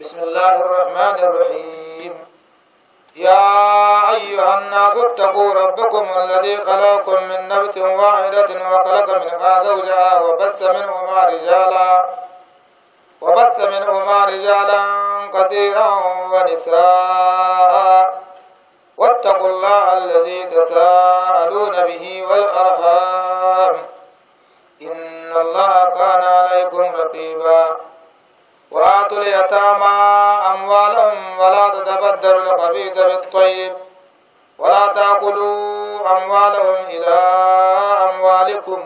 بسم الله الرحمن الرحيم يا أيها الناس اتقوا ربكم الذي خلقكم من نفس واحدة وخلق منها زوجها وبث منهما رجالا وبث منهما رجالا كثيرا ونساء واتقوا الله الذي تساءلون به والأرحام إن الله كان عليكم رقيبا وآتوا اليتامى أموالهم ولا تتبدلوا الخبيث بالطيب ولا تأكلوا أموالهم إلى أموالكم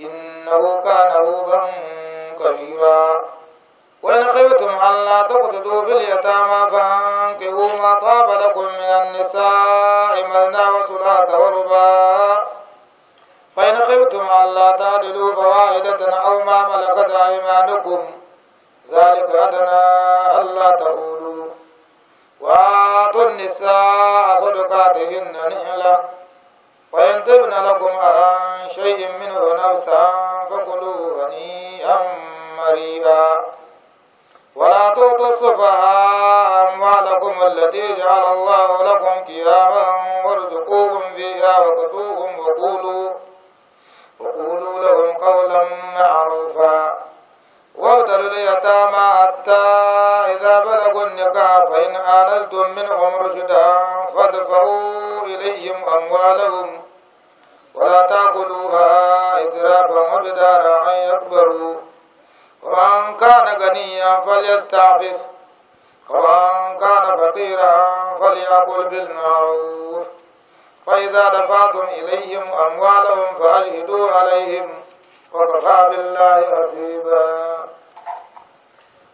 إنه كان غوفا كبيرا وإن خفتم ألا تقتدوا في اليتامى فانكحوا ما طاب لكم من النساء مثنى وثلاث ورباع فإن خفتم ألا تعدلوا فواحدة أو ما ملكت أيمانكم ذلك أدنى ألا تقولوا وآتوا النساء صدقاتهن نحلة وإن تبن لكم عن شيء منه نفسا فكلوا هنيئا مريئا ولا تؤتوا السفهاء أموالكم التي جعل الله لكم قياما وارزقوهم فيها وقتوهم وقولوا وقولوا لهم قولا معروفا وابتلوا اليتامى حتى إذا بلغوا النكاح فإن آنستم منهم رشدا فادفعوا إليهم أموالهم ولا تأكلوها إسرافا وبدارا أن يكبروا ومن كان غنيا فليستعفف ومن كان فقيرا فليأكل بالمعروف فإذا دفعتم إليهم أموالهم فأجهدوا عليهم وكفى بالله حسيبا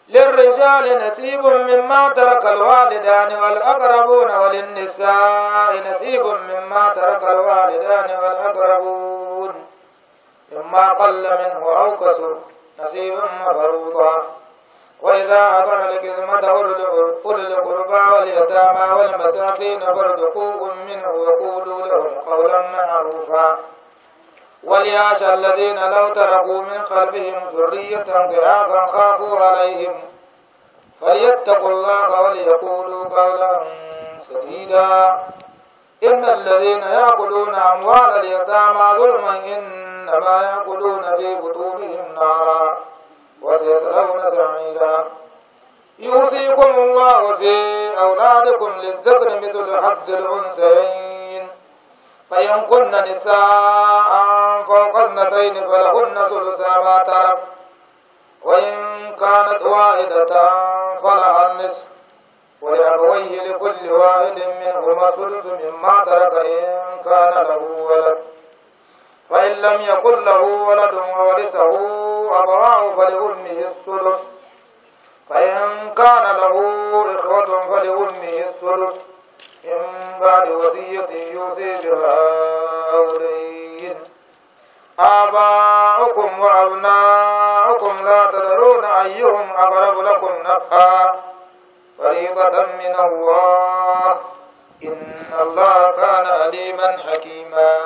للرجال نصيب مما ترك الوالدان والأقربون وللنساء نصيب مما ترك الوالدان والأقربون مما قل منه أو كسر نصيبا مفروضا وإذا أضر الكذمة أولي القربى واليتامى والمساكين فارزقوهم منه وقولوا لهم قولا معروفا وليعش الذين لو تركوا من خلفهم ذرية ضعافا خافوا عليهم فليتقوا الله وليقولوا قولا سديدا إن الذين يأكلون أموال اليتامى ظلما إنما يأكلون في بطونهم نارا وسيصلون سعيدا يوصيكم الله في أولادكم للذكر مثل حظ الأنثيين فإن كن نساء فوق اثنتين فلهن ثلثا ما ترك وإن كانت واحدة فلها النصف ولأبويه لكل واحد منهما ثلث مما ترك إن كان له ولد فإن لم يكن له ولد وورثه أبواه فلأمه الثلث فإن كان له إخوة فلأمه الثلث من بعد وصية يوصي بها أولين آباؤكم وأبناؤكم لا تدرون أيهم أقرب لكم نفعا فريضة من الله إن الله كان عليما حكيما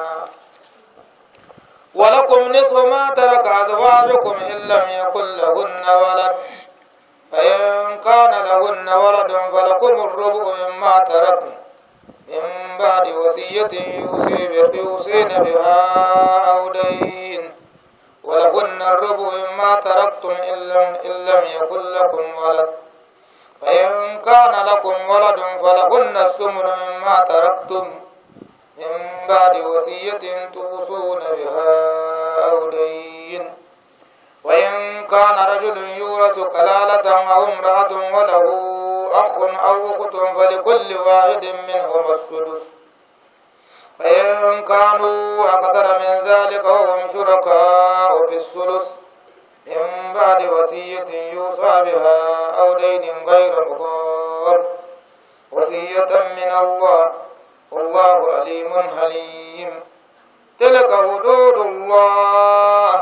ولكم نصف ما ترك أزواجكم إن لم يكن لهن ولد فإن كان لهن ولد فلكم الربع مما تركن من بعد وصية يوصي يوصين بها أو دين ولهن الربع مما تركتم إن لم, إن لم يكن لكم ولد فإن كان لكم ولد فلهن السمن مما تركتم من بعد وصية توصون بها أو دين وإن كان رجل يورث كلالة أو امرأة وله أخ أو أخت فلكل واحد منهم السدس فإن كانوا أكثر من ذلك هم شركاء في الثلث من بعد وصية يوصى بها أو دين غير مضار وصية من الله والله عليم حليم تلك حدود الله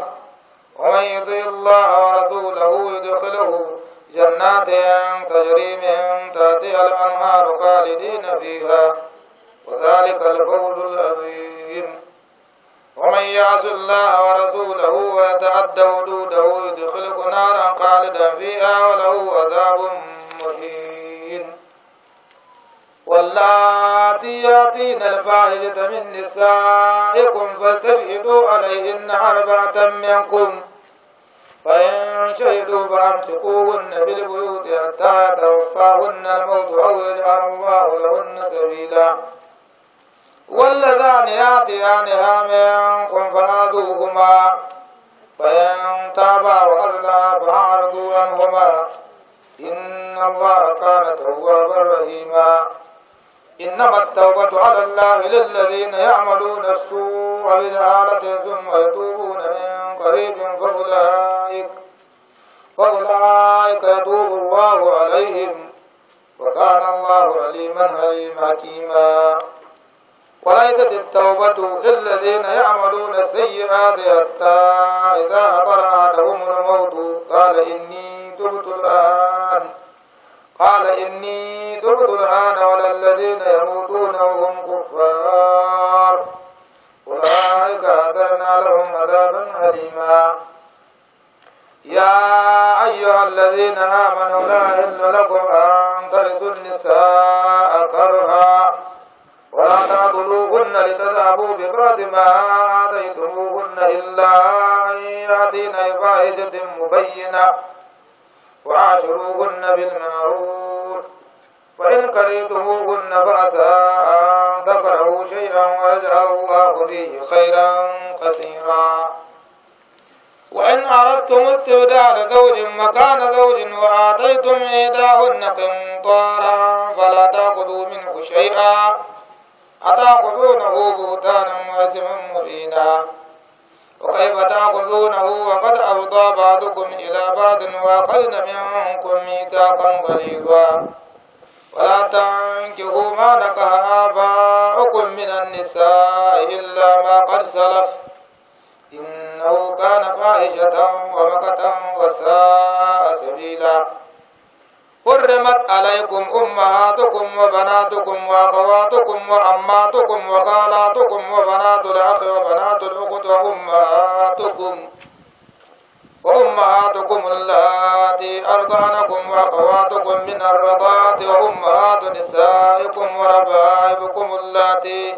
ومن يطع الله ورسوله يدخله جنات تجري من تحتها الأنهار خالدين فيها وذلك الفوز العظيم ومن يعص الله ورسوله ويتعدى حدوده يدخله نارا خالدا فيها وله عذاب مهين واللاتي ياتين الفاحشة من نسائكم فاستشهدوا عليهن أربعة منكم فإن شهدوا فأمسكوهن في البيوت حتى توفاهن الموت أو يجعل الله لهن سبيلا واللذان يأتيانها منكم فنادوهما فإن تابا وأذلا فأعرضوا عنهما إن الله كان توابا رحيما إنما التوبة على الله للذين يعملون السوء بجهالة ثم يتوبون من قريب فأولئك فأولئك يتوب الله عليهم وكان الله عليما حكيما وليست التوبة للذين يعملون السيئات حتى إذا حضر أحدهم الموت قال إني تبت الآن قال إني تبت الآن وللذين الذين يموتون وهم كفار حريما يا أيها الذين آمنوا لا إلا لكم أن ترثوا النساء كرها ولا تعضلوهن لتذهبوا ببعض ما آتيتموهن إلا أن يأتين بفاحشة مبينة وعاشروهن بالمعروف فإن كرهتموهن فعسى أن تكرهوا شيئا ويجعل الله فيه خيرا كثيرا وإن أردتم استبدال زوج مكان زوج وآتيتم إيداهن قنطارا فلا تأخذوا منه شيئا أتأخذونه بهتانا وإثما مبينا وكيف تأخذونه وقد أفضى بعضكم إلى بعض وأخذن منكم ميثاقا غليظا ولا تنكحوا ما نكح آباؤكم من النساء إلا ما قد سلف إنه كان فاحشة ومكة وساء سبيلا حرمت عليكم أمهاتكم وبناتكم وأخواتكم وعماتكم وخالاتكم وبنات الأخ وبنات الأخت وأمهاتكم وأمهاتكم اللاتي أرضعنكم وأخواتكم من الرضاعة وأمهات نسائكم وربائبكم اللاتي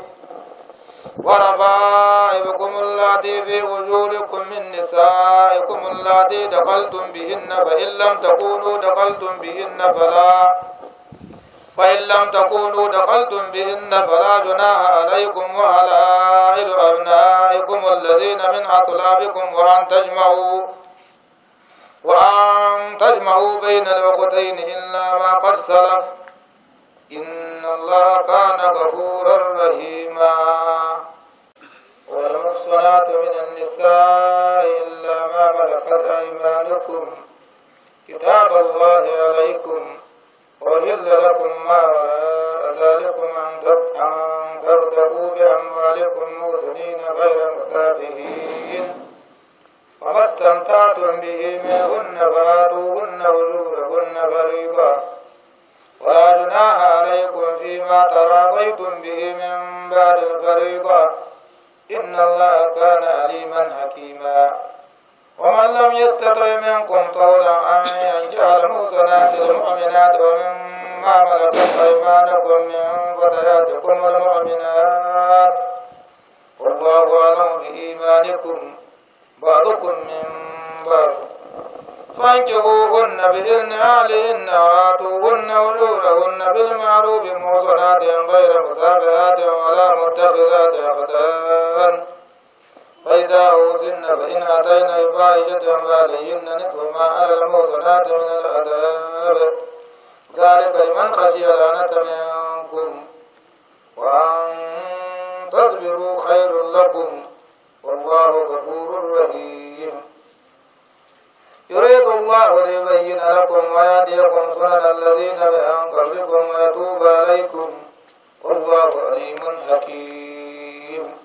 وربائبكم اللاتي في وجودكم من نسائكم اللاتي دخلتم بهن فإن لم تكونوا دخلتم بهن فلا فإن لم تكونوا دخلتم بهن فلا جناح عليكم وحلائل أبنائكم الذين من أطلابكم وأن تجمعوا وأن تجمعوا بين الوقتين إلا ما قد سلف إن الله كان غفورا رحيما والمحصنات من النساء إلا ما ملكت أيمانكم كتاب الله عليكم وجل لكم ما وراء ذلكم أن ترتقوا بأموالكم مرسلين غير مكافئين وما استمتعتم به منهن فآتوهن أجورهن غريبا ولا عليكم فيما تراضيتم به من بعد الفريضة إن الله كان عليما حكيما ومن لم يستطع منكم طولا أن يجعل مؤتنات المؤمنات ومما ملكت أيمانكم من فتياتكم المؤمنات والله أعلم بإيمانكم بعضكم من بعض فانكحوهن بإذن أهلهن وآتوهن أجورهن بالمعروف محصنات غير مسافرات ولا متخذات أخدان فإذا أوتن فإن أتينا بفاحشة فعليهن نصف ما على المحصنات من العذاب ذلك لمن خشي الأنة منكم وأن تصبروا خير لكم والله غفور رحيم يريد الله ليبين لكم ويهديكم سنن الذين من قبلكم ويتوب عليكم والله عليم حكيم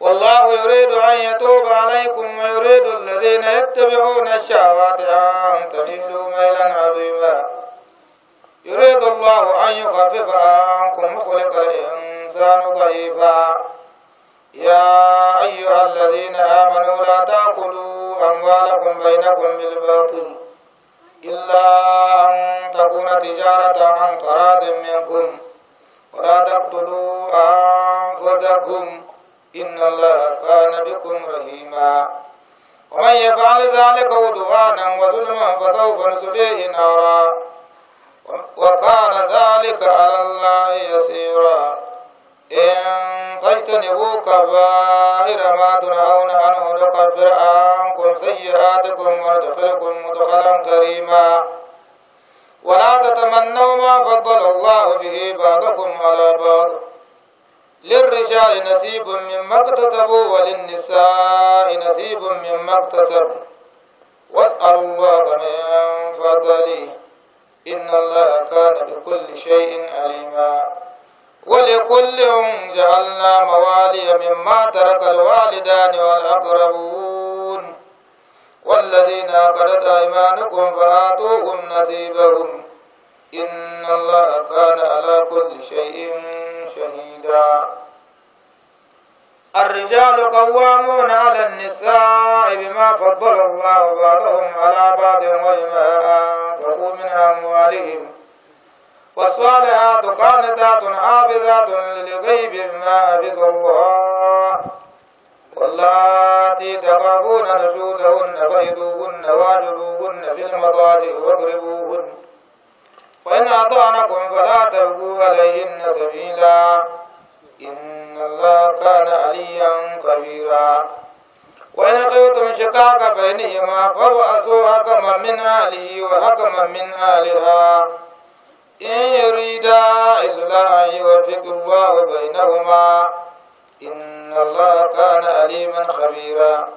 والله يريد أن يتوب عليكم ويريد الذين يتبعون الشهوات أن تميلوا ميلا عظيما يريد الله أن يخفف عنكم وخلق الإنسان ضعيفا يا أيها الذين آمنوا لا تأكلوا أموالكم بينكم بالباطل إلا أن تكون تجارة عن تراض منكم ولا تقتلوا أنفسكم إن الله كان بكم رحيما ومن يفعل ذلك عدوانا وظلما فسوف نسليه نارا وكان ذلك على الله يسيرا إن تجتنبوا كبائر ما تنهون عنه نكفر عنكم سيئاتكم وندخلكم مدخلا كريما ولا تتمنوا ما فضل الله به بعضكم على بعض للرجال نصيب مما اكتسبوا وللنساء نصيب مما اكتسبوا واسألوا الله من فضله إن الله كان بكل شيء عليما ولكل جعلنا موالي مما ترك الوالدان والأقربون والذين عقدت أيمانكم فآتوهم نصيبهم إن الله كان على كل شيء شهيدا الرجال قوامون على النساء بما فضل الله بعضهم على بعض وبما أنفقوا من أموالهم فالصالحات قانتات حافظات للغيب ما حفظ الله واللاتي تخافون نشوزهن فإذوهن واجروهن في المضاجع واضربوهن فإن أطعنكم فلا تبغوا عليهن سبيلا إن الله كان عليا كبيرا وإن قلتم شقاق بينهما فابعثوا حكما من أهله وحكما من أهلها إن يريدا إصلاحا يوفق الله بينهما إن الله كان عليما خبيرا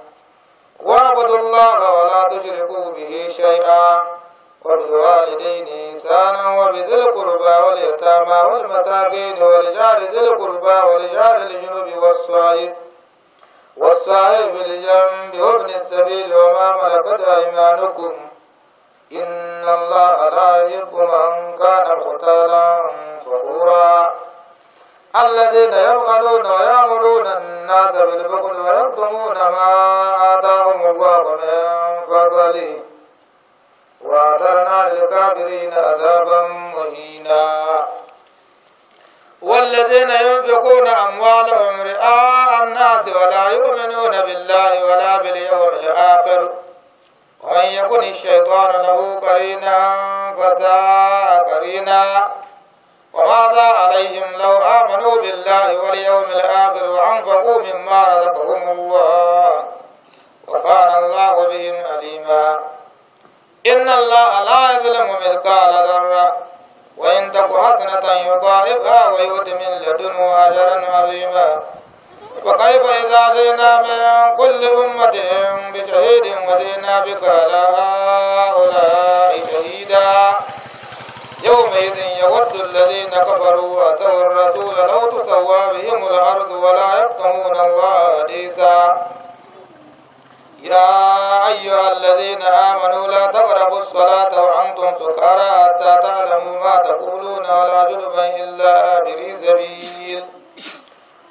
واعبدوا الله ولا تشركوا به شيئا وبالوالدين إنسانا وبذي القربى واليتامى والمساكين ولجار ذي القربى ولجار الجنوب والصائب والصائب لجنب وابن السبيل وما ملكت أيمانكم إن الله لا يحب من كان مختالا فخورا الذين يبخلون ويأمرون الناس بالبخل ويكتمون ما آتاهم الله من فضله وأعتدنا للكافرين عذابا مهينا والذين ينفقون أموالهم رئاء الناس ولا يؤمنون بالله ولا باليوم الآخر وأن يكن الشيطان له قرينا فساء قرينا وماذا عليهم لو آمنوا بالله واليوم الآخر وأنفقوا مما رزقهم الله وكان الله بهم عليما إن الله لا يظلم مثقال ذرة وإن تك حسنة يضاعفها ويؤت من لدنه أجرا عظيما فكيف إذا جئنا من كل أمة بشهيد وجئنا بك على هؤلاء شهيدا يومئذ يود الذين كفروا وأتوا الرسول لو تسوى بهم الأرض ولا يكتمون الله حديثا يا أيها الذين آمنوا لا تقربوا الصلاة وأنتم سكارى حتى تعلموا ما تقولون ولا جنبا إلا آبري سبيل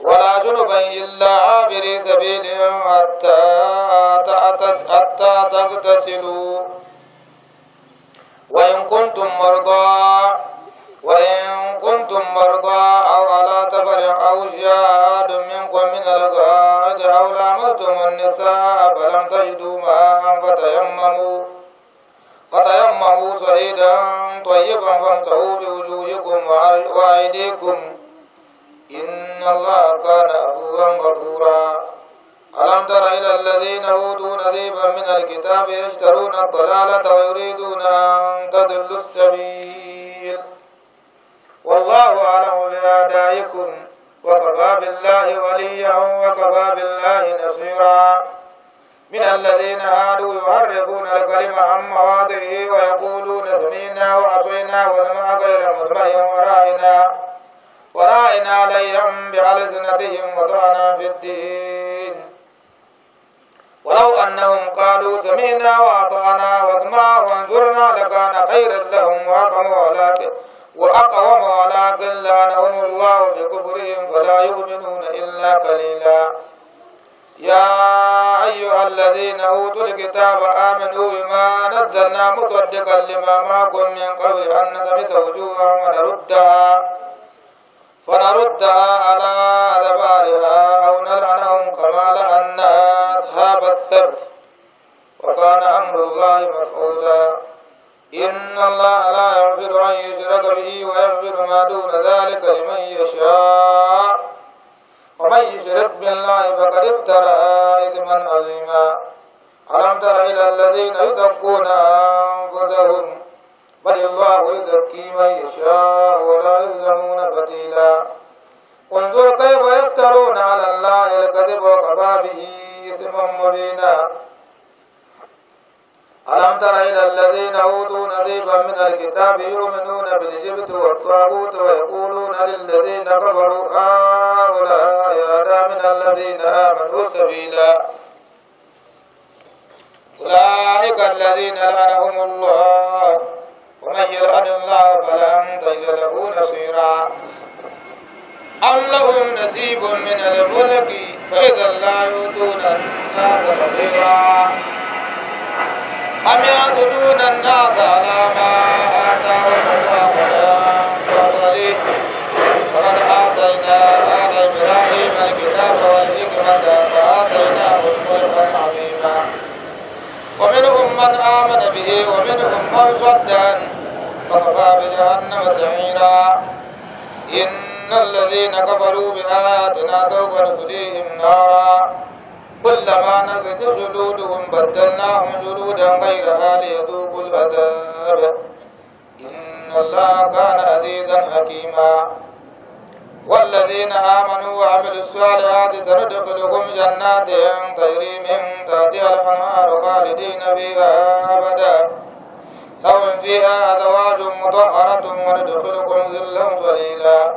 ولا جنبا إلا عابر سبيل حتى تغتسلوا وإن كنتم مرضى وإن كنتم مرضى أو على سفر أو جاء منكم من الغاد أو لامرتم النساء فلم تجدوا ماء فتيمموا فتيمموا صعيدا طيبا فامتعوا بوجوهكم وأيديكم إن الله كان أبوا غفورا ألم تر إلى الذين أوتوا نذيبا من الكتاب يشترون الضلالة ويريدون أن تضلوا السبيل والله أعلم بأعدائكم وكفى بالله وليا وكفى بالله نصيرا من الذين هادوا يحرفون الكلمة عن مواضعه ويقولون سمينا وعصينا ونمع غير مسمع ورائنا وراينا عليهم بألسنتهم وطعنا في الدين ولو أنهم قالوا سمينا وأطعنا واسمع وانظرنا لكان خيرا لهم وأقوم ولكن وأقوم ولكن لعنهم الله بكفرهم فلا يؤمنون إلا قليلا يا أيها الذين أوتوا الكتاب آمنوا بما نزلنا مصدقا لما معكم من قبل أن نثبت وجوها ونردها فنردها على أدبارها أو نلعنهم كما لعنا أصحاب السبت وكان أمر الله مفعولا إن الله لا يغفر أن يشرك به ويغفر ما دون ذلك لمن يشاء ومن يشرك بالله فقد ابتلى إثما عظيما ألم تر إلى الذين يتقون أنفسهم بل الله يزكي من يشاء ولا يظلمون فتيلا انظر كيف يفترون على الله الكذب وكفى به اثما مبينا ألم تر إلى الذين أوتوا نصيبا من الكتاب يؤمنون بالجبت والطاغوت ويقولون للذين كفروا هؤلاء أهدى من الذين آمنوا سبيلا أولئك الذين لعنهم الله ومن يلعن الله فلن تجد له نصيرا أم لهم نصيب من الملك فإذا لا يؤتون الناس نصيرا أم يأخذون الناس على ما آتاهم الله من فضله وقد آتينا آل إبراهيم الكتاب والحكمة وآتيناه ملكا عظيما ومنهم من آمن به ومنهم من صد عنه فكفى بجهنم سعيرا إن الذين كفروا بآياتنا سوف نصليهم نارا كلما نزلت جلودهم بدلناهم جلودا غيرها ليذوقوا العذاب إن الله كان عزيزا حكيما والذين آمنوا وعملوا الصالحات سندخلهم جنات تجري من تحتها الأنهار خالدين فيها أبدا لهم فيها أزواج مطهرة وندخلكم ذلا ظليلا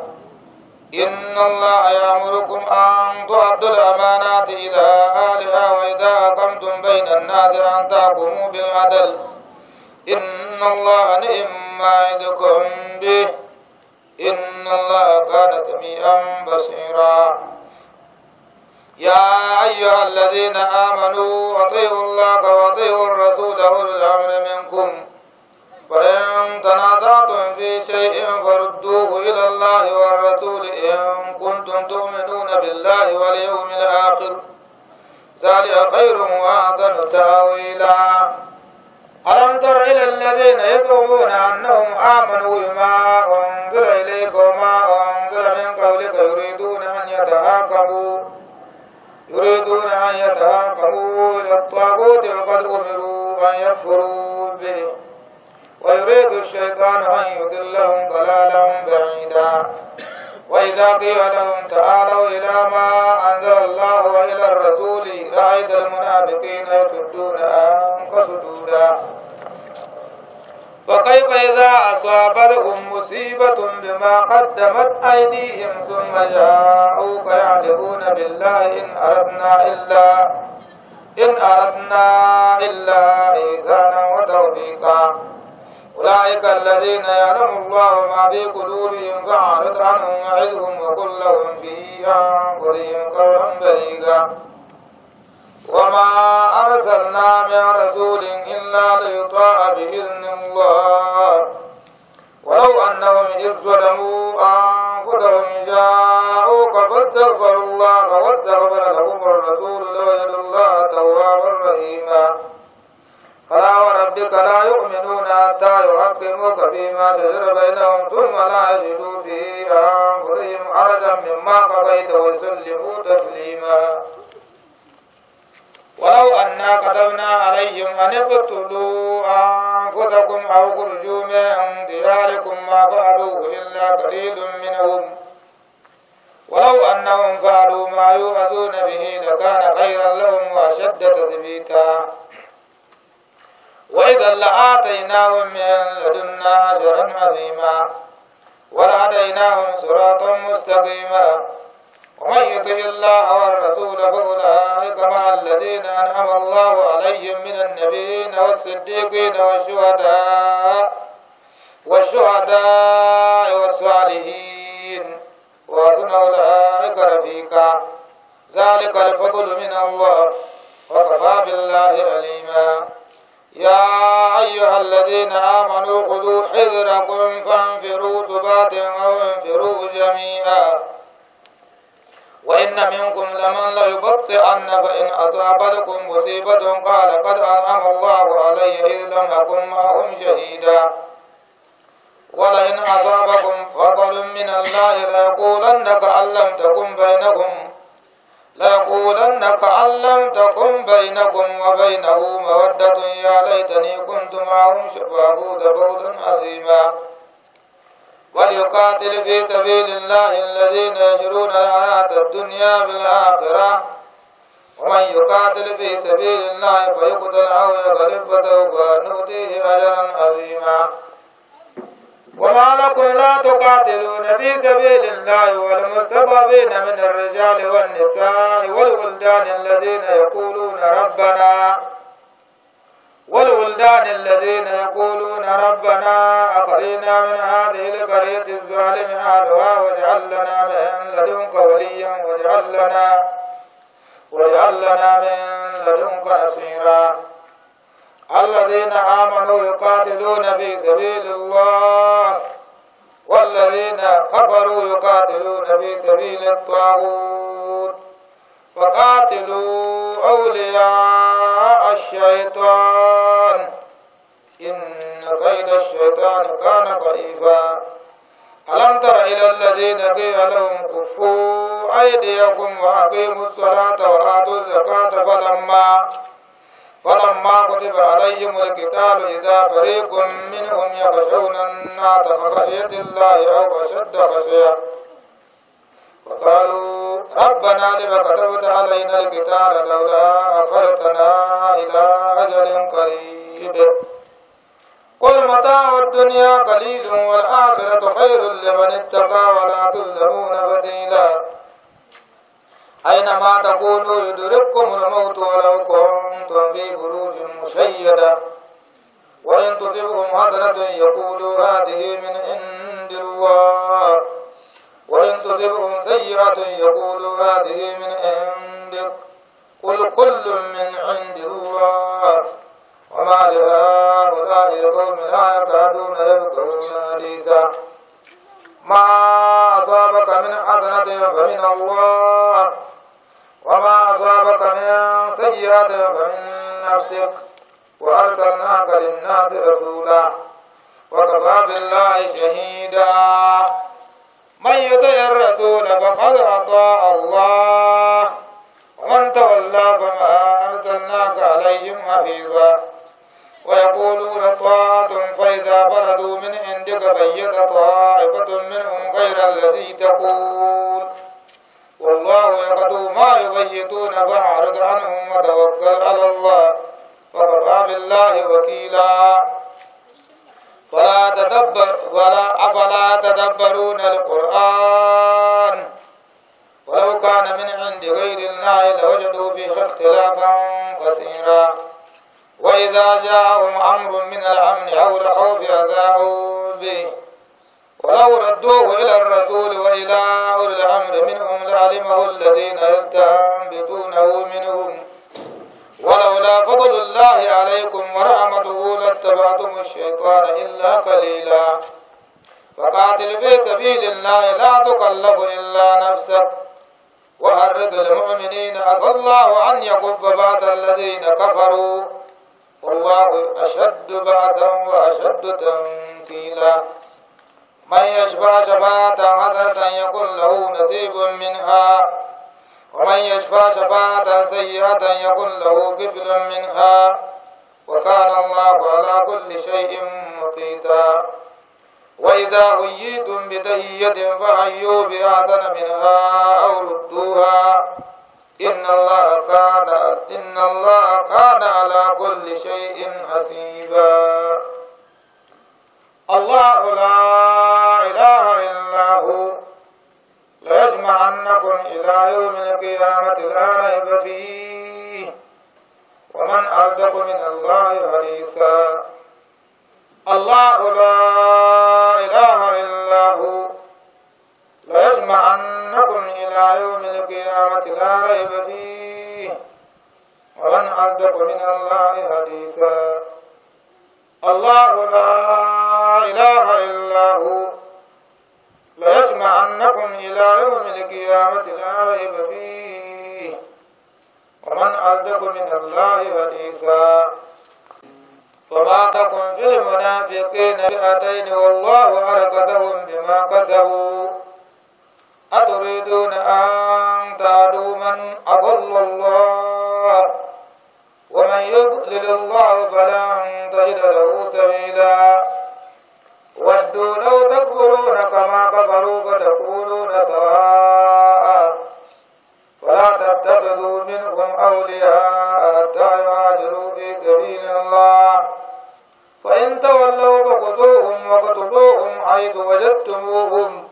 إن الله يأمركم أن تؤدوا الأمانات إلى أهلها وإذا أقمتم بين الناس أن تحكموا بالعدل إن الله نعم ما يدكم به إن الله كان سميعا بصيرا يا أيها الذين آمنوا أطيعوا الله وأطيعوا الرسول أولي الأمر منكم وإن تنازعتم في شيء فردوه إلى الله والرسول إن كنتم تؤمنون بالله واليوم الآخر ذلك خير وأحسن تأويلا ألم تر إلى الذين يزعمون أنهم آمنوا بما أنزل إليك وما أنزل من قبلك يريدون أن يتهاكموا يريدون أن يتهاكموا إلى الطاغوت وقد أمروا أن يكفروا به ويريد الشيطان أن يضلهم ضلالا بعيدا وإذا قيل لهم تعالوا إلى ما أنزل الله وإلى الرسول رأيت المنافقين يصدون عنك فكيف إذا أصابتهم مصيبة بما قدمت أيديهم ثم جاءوك يعذرون بالله إن أردنا إلا إن أردنا إلا إيزانا وتوفيقا أولئك الذين يعلم الله ما في قلوبهم فأعرض عنهم وعظهم وقل لهم في أنفسهم قولا بليغا وما أرسلنا من رسول إلا ليطاع بإذن الله ولو أنهم إذ ظلموا أنفسهم جاءوك فاستغفروا الله واستغفر لهم الرسول لوجدوا الله توابا رحيما فلا وربك لا يؤمنون حتى يحكموك فيما تجر بينهم ثم لا يجدوا في أنفسهم حرجا مما قضيت ويسلموا تسليما ولو أنا كتبنا عليهم أن اقتلوا أنفسكم أو خرجوا من دياركم ما فعلوه إلا قليل منهم ولو أنهم فعلوا ما يوعدون به لكان خيرا لهم وأشد تثبيتا وإذا لآتيناهم من لدنا أجرا عظيما ولهديناهم صراطا مستقيما ومن يطع الله والرسول فأولئك مع الذين أنعم الله عليهم من النبيين والصديقين والشهداء والشهداء والصالحين وحسن أولئك رفيقا ذلك الفضل من الله وكفى بالله عليما يا أيها الذين آمنوا خذوا حذركم فانفروا ثبات أو انفروا جميعا وإن منكم لمن ليبطئن فإن أصابتكم مصيبة قال قد أنعم الله علي إذ لم أكن معهم شهيدا ولئن أصابكم فضل من الله ليقولنك أن لم تكن بينكم ليقولنك أن لم تكن بينكم وبينه مودة يا ليتني كنت معهم فأفوز فوزا عظيما وليقاتل في سبيل الله الذين يشرون الحياة الدنيا بالآخرة ومن يقاتل في سبيل الله فيقتل أو يغلب فتوبة نؤتيه أجرا عظيما وما لكم لا تقاتلون في سبيل الله والمستضعفين من الرجال والنساء والولدان الذين يقولون ربنا والولدان الذين يقولون ربنا أخرجنا من هذه القرية الظالم أهلها واجعل لنا من لدنك وليا واجعل لنا واجعل لنا من لدنك نصيرا الذين آمنوا يقاتلون في سبيل الله والذين كفروا يقاتلون في سبيل الطاغوت فقاتلوا أولياء الشيطان إن قيد الشيطان كان ضعيفا ألم تر إلى الذين قيل لهم كفوا أيديكم وأقيموا الصلاة وآتوا الزكاة فلما فلما كتب عليهم الكتاب إذا فريق منهم يخشون الناس فخشية الله أو أشد خشية وقالوا ربنا لما كتبت علينا القتال لولا أخرتنا إلى أجل قريب قل متاع الدنيا قليل والآخرة خير لمن اتقى ولا تظلمون بديلا أينما تكونوا يدرككم الموت ولو كنتم في بروج مشيدة وإن تصبكم حسنة يقولوا هذه من عند الله وإن تصبهم سيئة يقول هذه من عندك قل كل من عند الله وما لهؤلاء القوم لا يكادون يذكرون حديثا ما أصابك من حسنة فمن الله وما أصابك من سيئة فمن نفسك وأرسلناك للناس رسولا وكفى بالله شهيدا من يطع الرسول فقد أطاع الله ومن تولى فما أرسلناك عليهم حفيظا ويقولون طاعة فإذا بردوا من عندك بيت طائفة منهم غير الذي تقول والله يقضوا ما يبيتون فأعرض عنهم وتوكل على الله وكفى بالله وكيلا ولا تدبر ولا أفلا تدبرون القرآن ولو كان من عند غير الله لوجدوا فيه اختلافا كثيرا وإذا جاءهم أمر من الأمن أو الخوف أذاعوا به ولو ردوه إلى الرسول وإلى أولي الأمر منهم لعلمه الذين يستنبطونه منهم ولولا فضل الله عليكم ورحمته لاتبعتم الشيطان إلا قليلا فقاتل في سبيل الله لا تكلف إلا نفسك وحرض المؤمنين عفى الله أن يكف بعد الذين كفروا والله أشد بعدا وأشد تنكيلا من يشفع شفاعة حسنة يكن له نصيب منها ومن يشفى شفاعة سيئة يكن له كفل منها وكان الله على كل شيء مقيتا وإذا حييتم بتهية فحيوا بأعدن منها أو ردوها إن الله كان إن الله كان على كل شيء حسيبا الله لا إلى يوم القيامة لا ريب فيه ومن أصدق من الله حديثا الله لا إله إلا هو ليجمعنكم إلى يوم القيامة لا ريب فيه ومن أصدق من الله حديثا الله لا إله إلا هو ليجمعنكم إلى يوم القيامة لا ريب فيه ومن أردك من الله حديثا فما تكن في المنافقين فئتين والله أركدهم بما كتبوا أتريدون أن تعدوا من أضل الله ومن يضلل الله فلن تجد له سبيلا ودوا لو تكفرون كما كفروا فتكونون سواء فلا تتخذوا منهم أولياء حتى يهاجروا في سبيل الله فإن تولوا فخذوهم وقتلوهم حيث وجدتموهم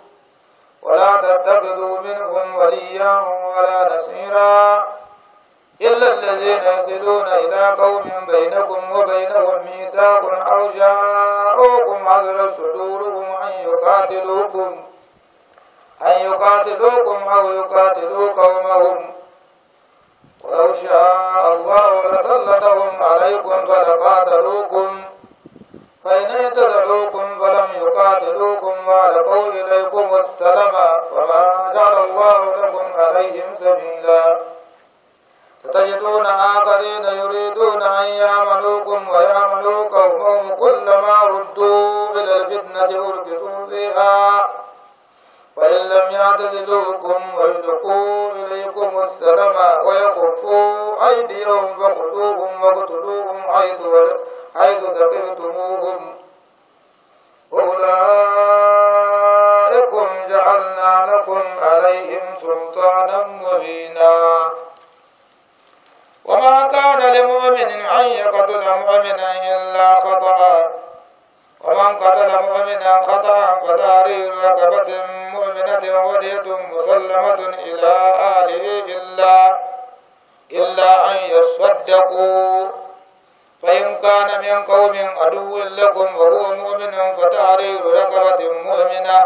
ولا تتخذوا منهم وليا ولا نصيرا إلا الذين يصلون إلى قوم بينكم وبينهم ميثاق أو جاء يقاتلوكم أن يقاتلوكم أو يقاتلوا قومهم ولو شاء الله لسلطهم عليكم فلقاتلوكم فإن اعتزلوكم فلم يقاتلوكم وألقوا إليكم السلم فما جعل الله لكم عليهم سبيلا ستجدون آخرين يريدون أن يعملوكم ويعملوا قومهم كلما ردوا إلى الفتنة أركضوا فيها وإن لم يعتزلوكم ويلقوا إليكم السلام ويكفوا أيديهم فخذوهم واقتلوهم حيث حيث ثقفتموهم أولئكم جعلنا لكم عليهم سلطانا مبينا وما كان لمؤمن أن يقتل مؤمنا إلا خطأ ومن قتل مؤمنا خطأ فتحرير رقبة مؤمنة ودية مسلمة إلى أهله إلا إلا أن يصدقوا فإن كان من قوم عدو لكم وهو مؤمن فتحرير رقبة مؤمنة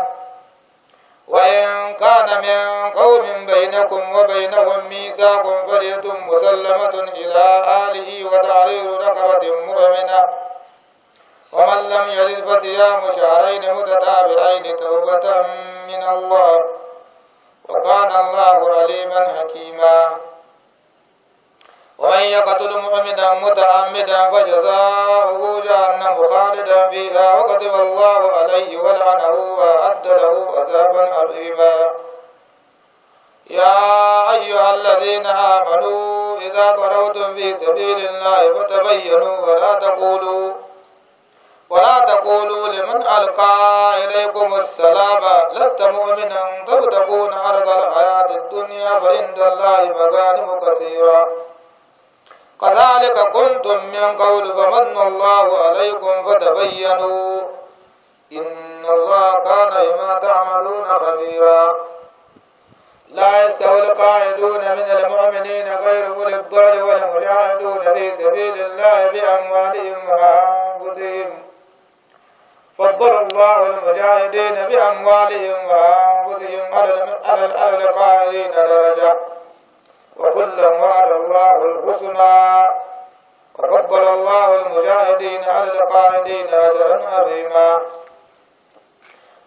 وإن كان من قوم بينكم وبينهم ميثاق فدية مسلمة إلى آله وتعرير رقبة مؤمنة ومن لم يجد فصيام شهرين متتابعين توبة من الله وكان الله عليما حكيما ومن يقتل مؤمنا متعمدا فجزاؤه جهنم خالدا فيها وكتب الله عليه ولعنه وأعد له عذابا عظيما يا أيها الذين آمنوا إذا ضربتم في سبيل الله فتبينوا ولا تقولوا ولا تقولوا لمن ألقى إليكم السلام لست مؤمنا تبتغون عرض الحياة الدنيا فعند الله مغانم كثيرة كذلك كنتم من قول فمن الله عليكم فتبينوا إن الله كان بما تعملون خبيرا لا يستوي القاعدون من المؤمنين غير أولي الضرر والمجاهدون في سبيل الله بأموالهم وأنفسهم فضل الله المجاهدين بأموالهم وأنفسهم على القاعدين درجة وكل وعد الله الحسنى وقبل الله المجاهدين على القاعدين أجرا عظيما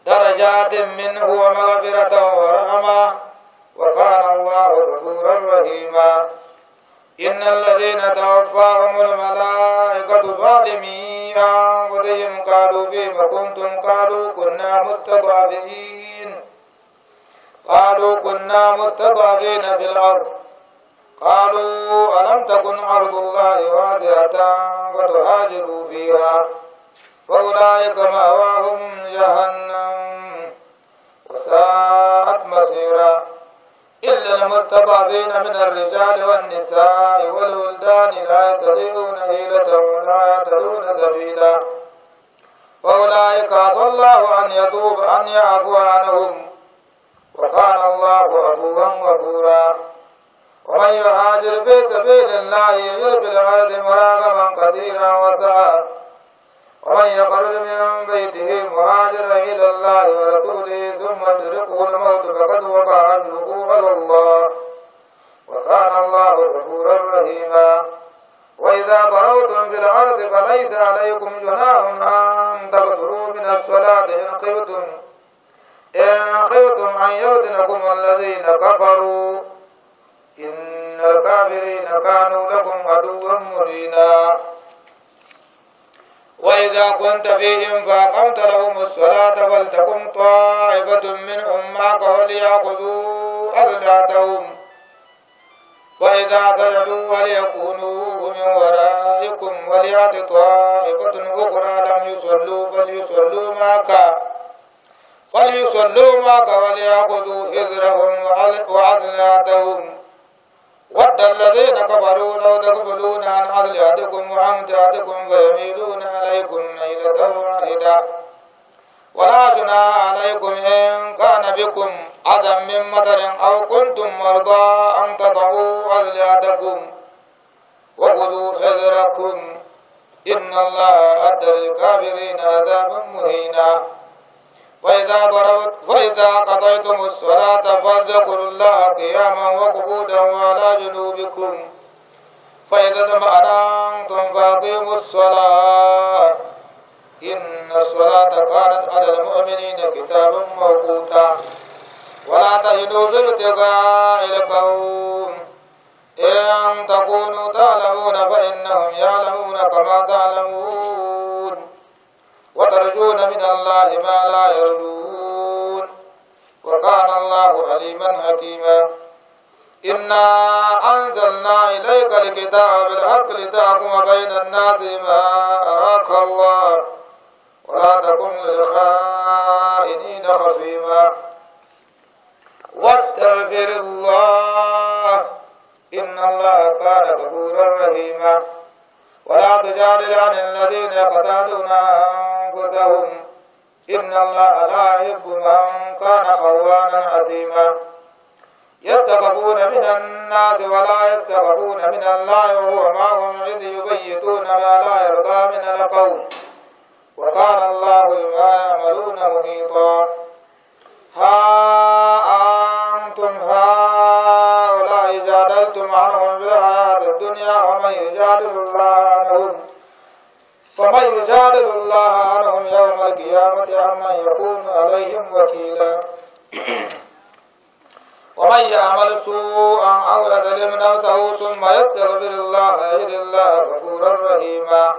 درجات منه ومغفرة ورحمة وكان الله غفورا رحيما إن الذين توفاهم الملائكة ظالمين أنفسهم قالوا فيما كنتم قالوا كنا مستضعفين قالوا كنا مستضعفين في الأرض قالوا ألم تكن أرض الله واسعة فتهاجروا فيها فأولئك مأواهم جهنم وساءت مصيرا إلا بين من الرجال والنساء والولدان لا يستطيعون حيلة ولا يهتدون سبيلا فأولئك عسى الله أن يتوب أن يعفو عنهم وكان الله عفوا غفورا ومن يهاجر في سبيل الله يجد في الأرض مراغما كثيرا وسعا ومن يخرج من بيته مهاجرا إلى الله ورسوله ثم يدركه الموت فقد وقع الوقوع على الله وكان الله غفورا رحيما وإذا ضربتم في الأرض فليس عليكم جناح أن تغفروا من الصلاة إن خفتم إن خفتم أن يردنكم الذين كفروا إن الكافرين كانوا لكم عدوا مبينا وإذا كنت فيهم فأقمت لهم الصلاة فلتكن طائفة منهم معك وليأخذوا أسلحتهم وإذا قعدوا وليكونوا من ورائكم وليأت طائفة أخرى لم يصلوا فليصلوا معك فليصلوا معك وليأخذوا حذرهم وعدلاتهم ود الذين كفروا لو تغفلون عن أضلعتكم وأمتعتكم فيميلون عليكم ميلة واحدة ولا جناح عليكم إن كان بكم عدم من مطر أو كنتم مرضى أن تضعوا أضلعتكم وخذوا حذركم إن الله أدى للكافرين عذابا مهينا وإذا ضربت وإذا قضيتم الصلاة فاذكروا الله قياما وقعودا وعلى جنوبكم فإذا اطمأننتم فأقيموا الصلاة إن الصلاة كانت على المؤمنين كتابا موقوتا ولا تهنوا في ابتغاء القوم إن تكونوا تعلمون فإنهم يعلمون كما تعلمون وترجون من الله ما لا يرجون وكان الله عليما حكيما إنا أنزلنا إليك الكتاب الحق لتحكم بين الناس ما أراك الله ولا تكن للخائنين خصيما واستغفر الله إن الله كان غفورا رحيما ولا تجادل عن الذين يقتادون أنفسهم إن الله لا يحب من كان خوانا أثيما يتقبون من الناس ولا يتقبون من الله وهو معهم إذ يبيتون ما لا يرضى من القوم وكان الله بما يعملون محيطا ها أنتم هؤلاء جادلتم عنهم في الحياة الدنيا ومن يجادل الله عنهم فمن يجادل الله عنهم يوم القيامة عمن يكون عليهم وكيلا ومن يعمل سوءا أو يظلم نفسه ثم يستغفر الله يجد الله غفورا رحيما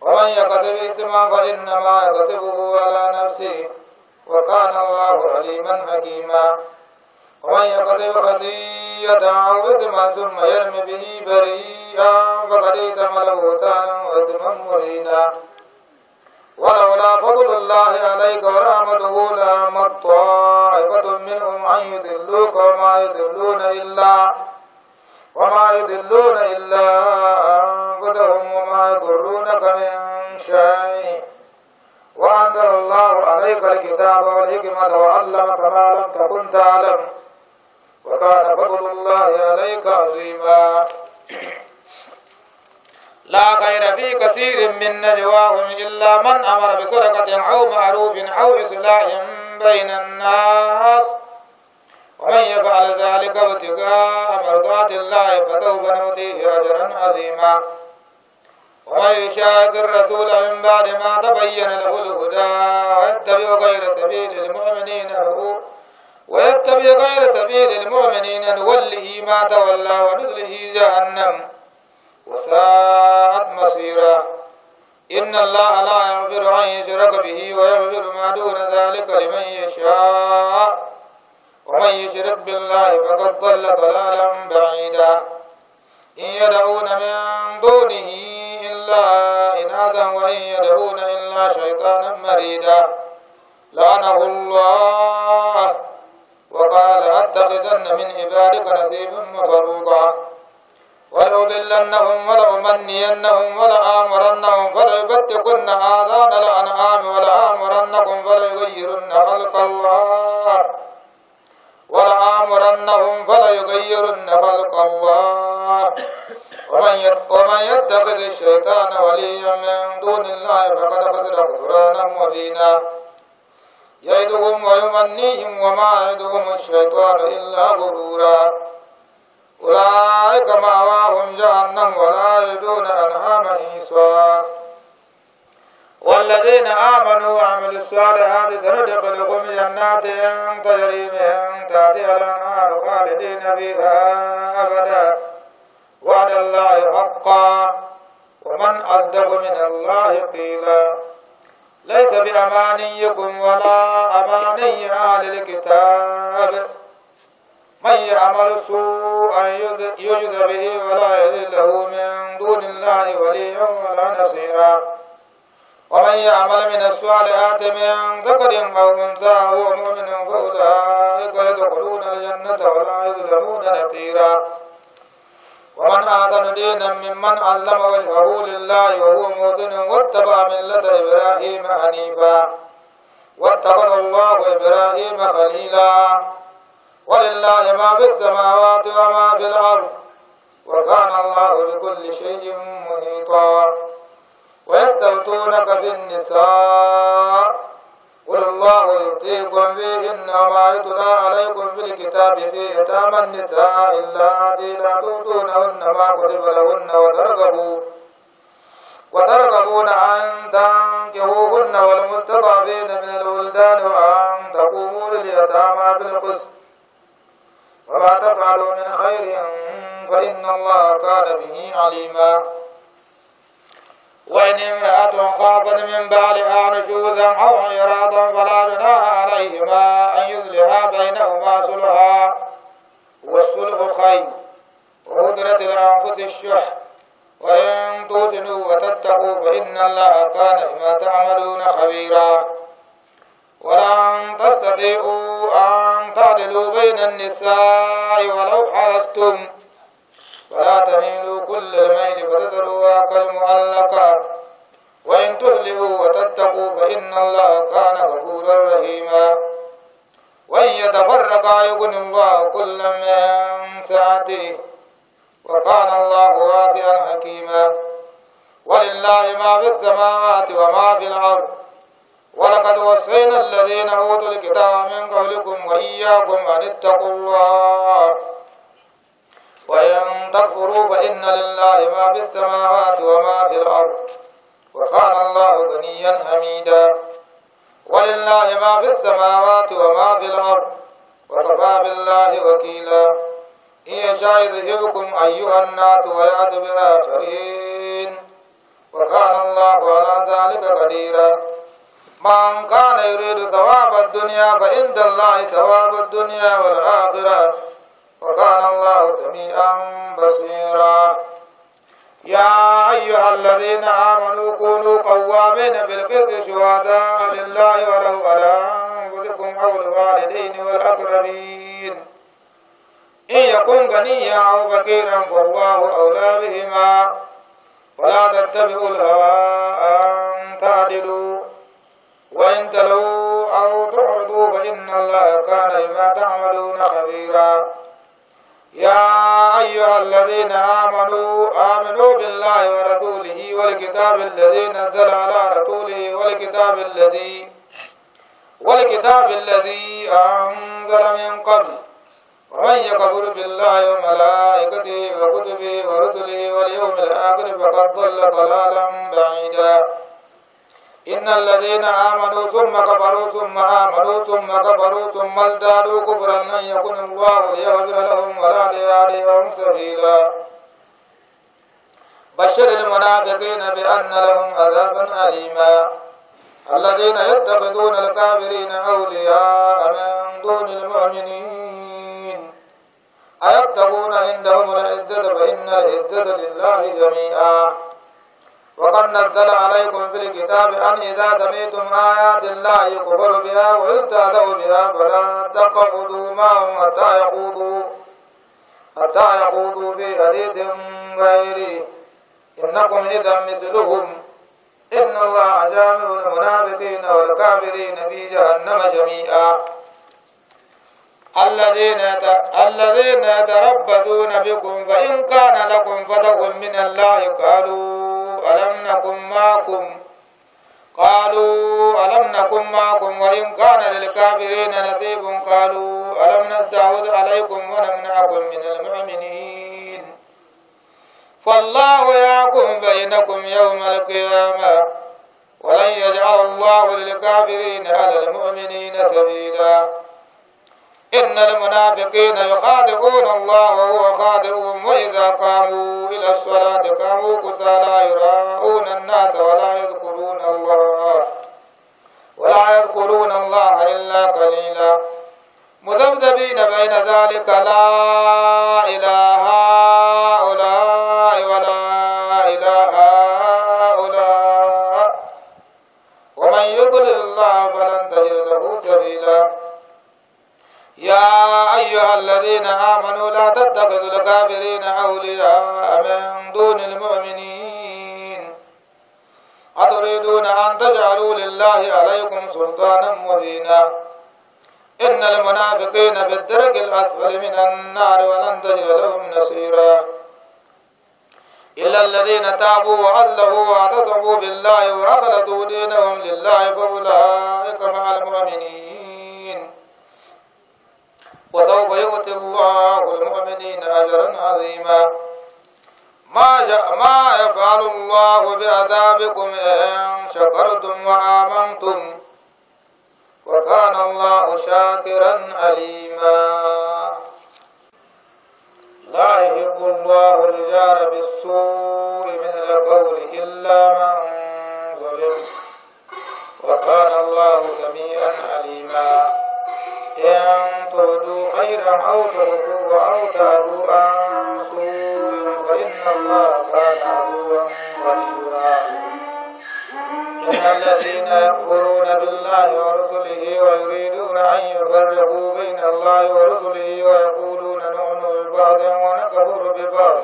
ومن يكتب اسما فإنما يكتبه على نفسه وكان الله عليما حكيما ومن يكتب خطيئا يتعوذ ما ثم يرم به بريئا فقد احتمل بهتانا واثما مبينا ولولا فضل الله عليك ورحمته لامت طائفة منهم أن يضلوك وما يضلون إلا وما يضلون إلا أنفسهم وما يضرونك من شيء وأنزل الله عليك الكتاب والحكمة وعلمك ما لم تكن تعلم وكان فضل الله عليك عظيما لا خير في كثير من نجواهم إلا من أمر بصدقة أو معروف أو إصلاح بين الناس ومن يفعل ذلك ابتغاء مرضات الله فسوف نؤتيه أجرا عظيما ومن يشاهد الرسول من بعد ما تبين له الهدى ويتبع غير سبيل المؤمنين فهو ويتبع غير سبيل المؤمنين نوله ما تولى ونزله جهنم وساءت مصيرا إن الله لا يغفر أن يشرك به ويغفر ما دون ذلك لمن يشاء ومن يشرك بالله فقد ضل ضلالا بعيدا إن يدعون من دونه إلا إناثا وإن يدعون إلا شيطانا مريدا لعنه الله وقال أتخذن من عبادك نصيبا مفروضا ولأضلنهم ولأمنينهم ولآمرنهم فليبتكن آذان الأنعام ولآمرنكم فليغيرن خلق الله ولآمرنهم فليغيرن خلق الله ومن ومن يتخذ الشيطان وليا من دون الله فقد خذل خسرانا مبينا يعدهم ويمنيهم وما يعدهم الشيطان إلا غرورا أولئك مأواهم جهنم ولا يجدون عنها محيصا والذين آمنوا وعملوا الصالحات سندخلهم جنات تجري من تحتها الأنهار خالدين فيها أبدا وعد الله حقا ومن أصدق من الله قيلا ليس بأمانيكم ولا أماني أهل الكتاب من يعمل سوءا يجد به ولا يجد له من دون الله وليا ولا نصيرا ومن يعمل من الصالحات من ذكر أو أنثى هو مؤمن فأولئك يدخلون الجنة ولا يظلمون نقيرا ومن أحسن دينا ممن علم وجهه لله وهو موطن واتبع ملة إبراهيم حنيفا واتقى الله إبراهيم خليلا ولله ما في السماوات وما في الأرض وكان الله بكل شيء محيطا ويستفتونك في النساء قل الله يفتيكم فيه وما يتلى عليكم في الكتاب في إتام النساء إلا التي لا تؤتونهن ما كتب لهن وترغبوا وترغبون أن تنكحوهن والمستضعفين من الولدان وأن تقوموا لليتامى بالقسط وما تفعلوا من خير فإن الله كان به عليما وإن امرأة خافت من بالها نشوزا أو إرادا فلا جناح عليهما أن يصلحا بينهما صلحا والصلح خير وهدرت الأنفس الشح وإن توتنوا وتتقوا فإن الله كان بما تعملون خبيرا ولن تستطيعوا أن تعدلوا بين النساء ولو حرصتم فلا تميلوا كل الميل فتذروا كالمعلقة وإن تهلوا وتتقوا فإن الله كان غفورا رحيما وإن يتفرقا يغن الله كل من سعته وكان الله واقعا حكيما ولله ما في السماوات وما في الأرض ولقد وصينا الذين أوتوا الكتاب من قبلكم وإياكم أن اتقوا الله وإن تكفروا فإن لله ما في السماوات وما في الأرض وكان الله غنيا حميدا ولله ما في السماوات وما في الأرض وكفى بالله وكيلا إن يشاء يذهبكم أيها الناس ويأت بآخرين وكان الله على ذلك قديرا من كان يريد ثواب الدنيا فإن الله ثواب الدنيا والآخرة وكان الله سميعا بصيرا يا أيها الذين آمنوا كونوا قوامين بالقرد شهداء لله ولو على أنفسكم أو الوالدين والأقربين إن يكن غنيا أو فقيرا فالله أولى بهما ولا تتبعوا الهوى أن تعدلوا وإن تلووا أو تعرضوا فإن الله كان بما تعملون خبيرا يا أيها الذين آمنوا آمنوا بالله ورسوله والكتاب الذي نزل على رسوله والكتاب الذي والكتاب الذي أنزل من قبل ومن يكفر بالله وملائكته وكتبه ورسله واليوم الآخر فقد ضل ضلالا بعيدا إن الذين آمنوا ثم كفروا ثم آمنوا ثم كفروا ثم ازدادوا كفرا لن يكن الله ليغفر لهم ولا ليهديهم سبيلا بشر المنافقين بأن لهم عذابا أليما الذين يتخذون الكافرين أولياء من دون المؤمنين أيبتغون عندهم العزة فإن العزة لله جميعا وقد نزل عليكم في الكتاب أن إذا دميتم آيات الله يكفر بها ويستهزأ بها فلا تقعدوا معهم حتى يقودوا حتى يقودوا في حديث غيره إنكم إذا مثلهم إن الله جامع المنافقين والكافرين في جهنم جميعا الذين الذين يتربصون بكم فإن كان لكم فتح من الله قالوا ألم نكن معكم قالوا ألم نكن معكم وإن كان للكافرين نصيب قالوا ألم نستعود عليكم ونمنعكم من المؤمنين فالله يعكم بينكم يوم القيامة ولن يجعل الله للكافرين على المؤمنين سبيلا إن المنافقين يخادعون الله وهو خادعهم وإذا قاموا إلى الصلاة قاموا لا يراءون الناس ولا يذكرون الله ولا يذكرون الله إلا قليلا مذبذبين بين ذلك لا إله هؤلاء ولا إله هؤلاء ومن يضلل الله فلن تجد له سبيلا يا أيها الذين آمنوا لا تتخذوا الكافرين أولياء من دون المؤمنين أتريدون أن تجعلوا لله عليكم سلطانا مبينا إن المنافقين في الدرك الأسفل من النار ولن تجد لهم نصيرا إلا الذين تابوا وألفوا واعتصموا بالله وأخلصوا دينهم لله فأولئك مع المؤمنين وسوف يؤتي الله المؤمنين أجرا عظيما ما ما يفعل الله بعذابكم إن شكرتم وآمنتم وكان الله شاكرا اليما لا يحب الله الجار بالسوء من القول إلا من ظلم وكان الله سميعا عليما إن تعدوا خيرا أو تغفوا أو تعدوا عن سوء فإن الله كان عدوا غيورا إن الذين يكفرون بالله ورسله ويريدون أن يفرقوا بين الله ورسله ويقولون نؤمن ببعض ونكفر ببعض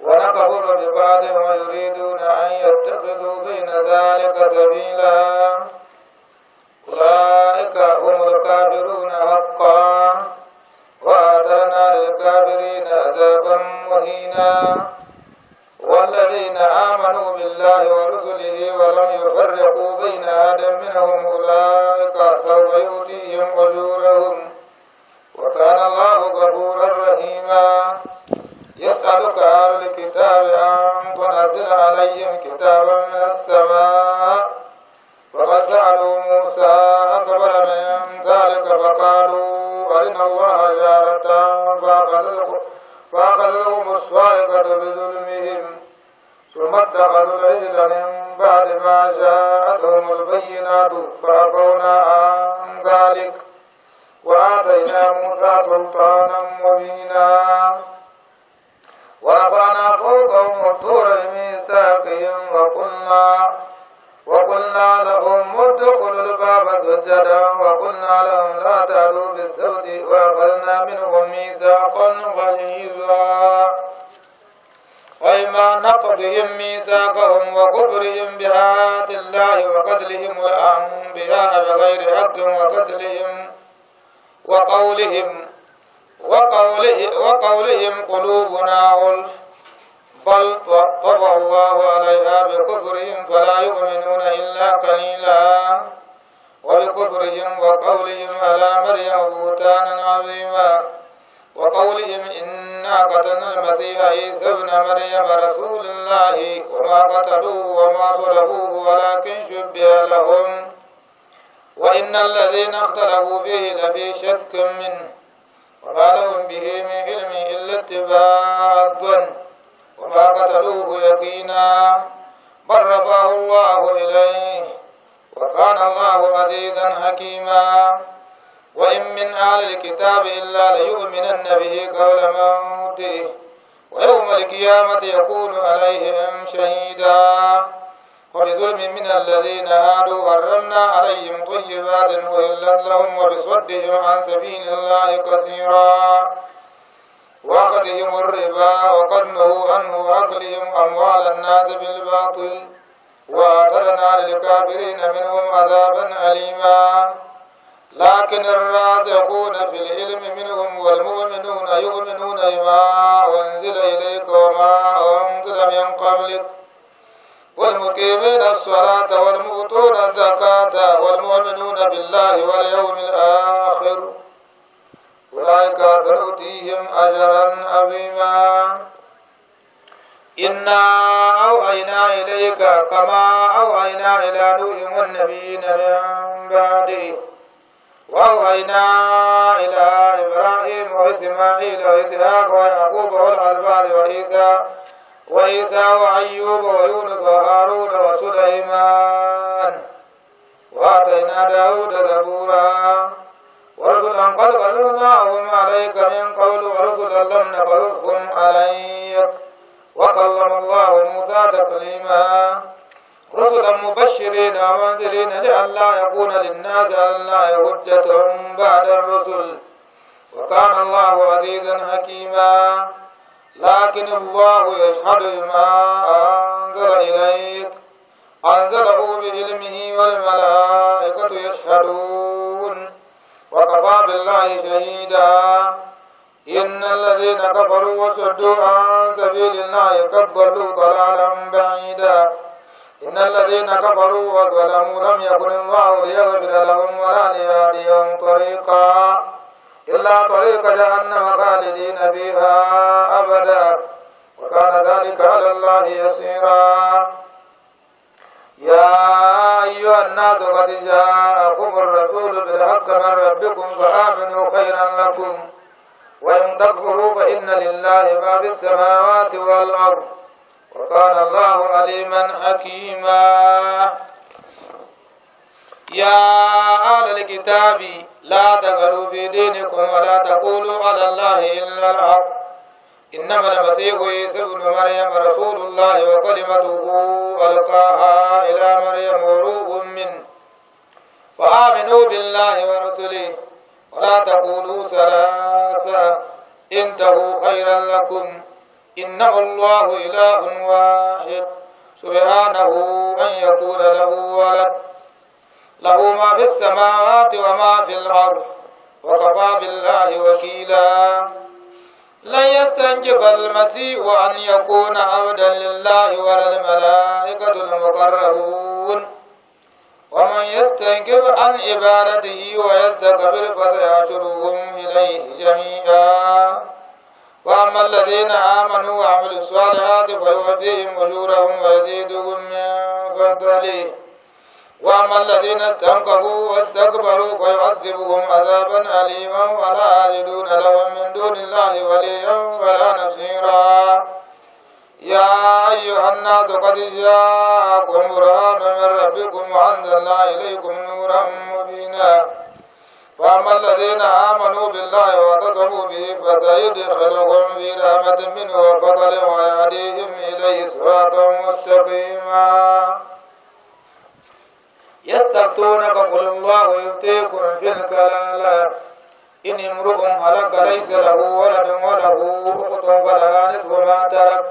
ونكفر ببعض ويريدون أن يتخذوا بين ذلك سبيلا أولئك هم الكافرون حقا وأعتدنا للكافرين عذابا مهينا والذين آمنوا بالله ورسله ولم يفرقوا بين أحد منهم أولئك سوف يؤتيهم أجورهم وكان الله غفورا رحيما يسألك أهل الكتاب أن تنزل عليهم كتابا من السماء الذين بعد ما جاءتهم البينات فأبونا عن ذلك وآتينا موسى سلطانا مبينا ورفعنا فوقهم الطور بميثاقهم وقلنا وقلنا لهم ادخلوا الباب سجدا وقلنا لهم لا تعدوا بالسبت وأخذنا منهم ميثاقا غليظا وإما نقضهم ميثاقهم وكفرهم بآيات الله وقتلهم الأنبياء بغير حق وقتلهم وقولهم وقوله وقولهم قلوبنا غلف بل طبع الله عليها بكفرهم فلا يؤمنون إلا قليلا وبكفرهم وقولهم على مريم بهتانا عظيما وقولهم إن إنا قتلنا المسيح عيسى ابن مريم رسول الله وما قتلوه وما صلبوه ولكن شبه لهم وإن الذين اختلفوا به لفي شك منه وما لهم به من علم إلا اتباع الظن وما قتلوه يقينا بل رفعه الله إليه وكان الله عزيزا حكيما وإن من أهل الكتاب إلا ليؤمنن به قبل موته ويوم القيامة يكون عليهم شهيدا وبظلم من الذين هادوا حرمنا عليهم طيبات أحلت لهم وبصدهم عن سبيل الله كثيرا وأخذهم الربا وقد نهوا عنه وأخذهم أموال الناس بالباطل وأخذنا للكافرين منهم عذابا أليما لكن الرازقون في العلم منهم والمؤمنون يؤمنون بما أنزل إليك وما أنزل من قبلك والمقيمين الصلاة والمؤتون الزكاة والمؤمنون بالله واليوم الآخر أولئك سنؤتيهم أجرا عظيما إنا أوحينا إليك كما أوحينا إلى نوح والنبيين من بعده وأوحينا إلى إبراهيم وإسماعيل وإسحاق ويعقوب والألبان وعيسى وعيسى وأيوب ويونس وهارون وسليمان وآتينا داود زبورا ورسلا قد قصصناهم عليك من قول ورسلا لم نقصصهم عليك وكلم الله موسى تكليما رسلا مبشرين ومنذرين لئلا يكون للناس الا الله حجة بعد الرسل وكان الله عزيزا حكيما لكن الله يشهد بما أنزل إليك أنزله بعلمه والملائكة يشهدون وكفى بالله شهيدا إن الذين كفروا وصدوا عن سبيل الله قد ضلوا ضلالا بعيدا إن الذين كفروا وظلموا لم يكن الله ليغفر لهم ولا ليهديهم طريقا إلا طريق جهنم خالدين فيها أبدا وكان ذلك على الله يسيرا يا أيها الناس قد جاءكم الرسول بالحق من ربكم فآمنوا خيرا لكم وإن تكفروا فإن لله ما في السماوات والأرض وكان الله عليما حكيما يا أهل الكتاب لا تغلوا في دينكم ولا تقولوا على الله إلا الحق إنما المسيح عيسى ابن مريم رسول الله وكلمته ألقاها إلى مريم وروح منه فآمنوا بالله ورسله ولا تقولوا ثلاثة انتهوا خيرا لكم إنه الله إله واحد سبحانه أن يكون له ولد له ما في السماوات وما في الأرض وكفى بالله وكيلا لن يستنجب المسيح أن يكون عبدا لله ولا الملائكة المقربون ومن يستنكف عن عبادته ويستكبر فسيحشرهم إليه جميعا وأما الذين آمنوا وعملوا الصالحات فيوفيهم أجورهم ويزيدهم من فضله وأما الذين استنكفوا واستكبروا فيعذبهم عذابا أليما ولا يجدون لهم من دون الله وليا ولا نصيرا يا أيها الناس قد جاءكم برهان من ربكم وأنزلنا إليكم نورا مبينا فأما الذين آمنوا بالله واتقوا به فسيدخلهم في رحمة منه وفضل ويهديهم إليه صراطا مستقيما يستفتونك قل الله يفتيكم في الكلالة إن امرؤ هلك ليس له ولد وله أخت فلا نصف ما ترك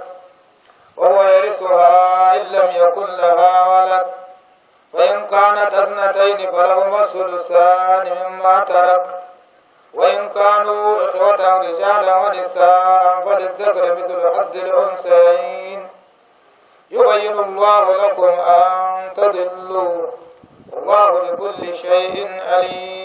وهو يرثها إن لم يكن لها ولد فإن كانت اثنتين فلهما الثلثان مما ترك وإن كانوا إخوة رجالا ونساء فللذكر مثل حد الأنثيين يبين الله لكم أن تضلوا والله لكل شيء عليم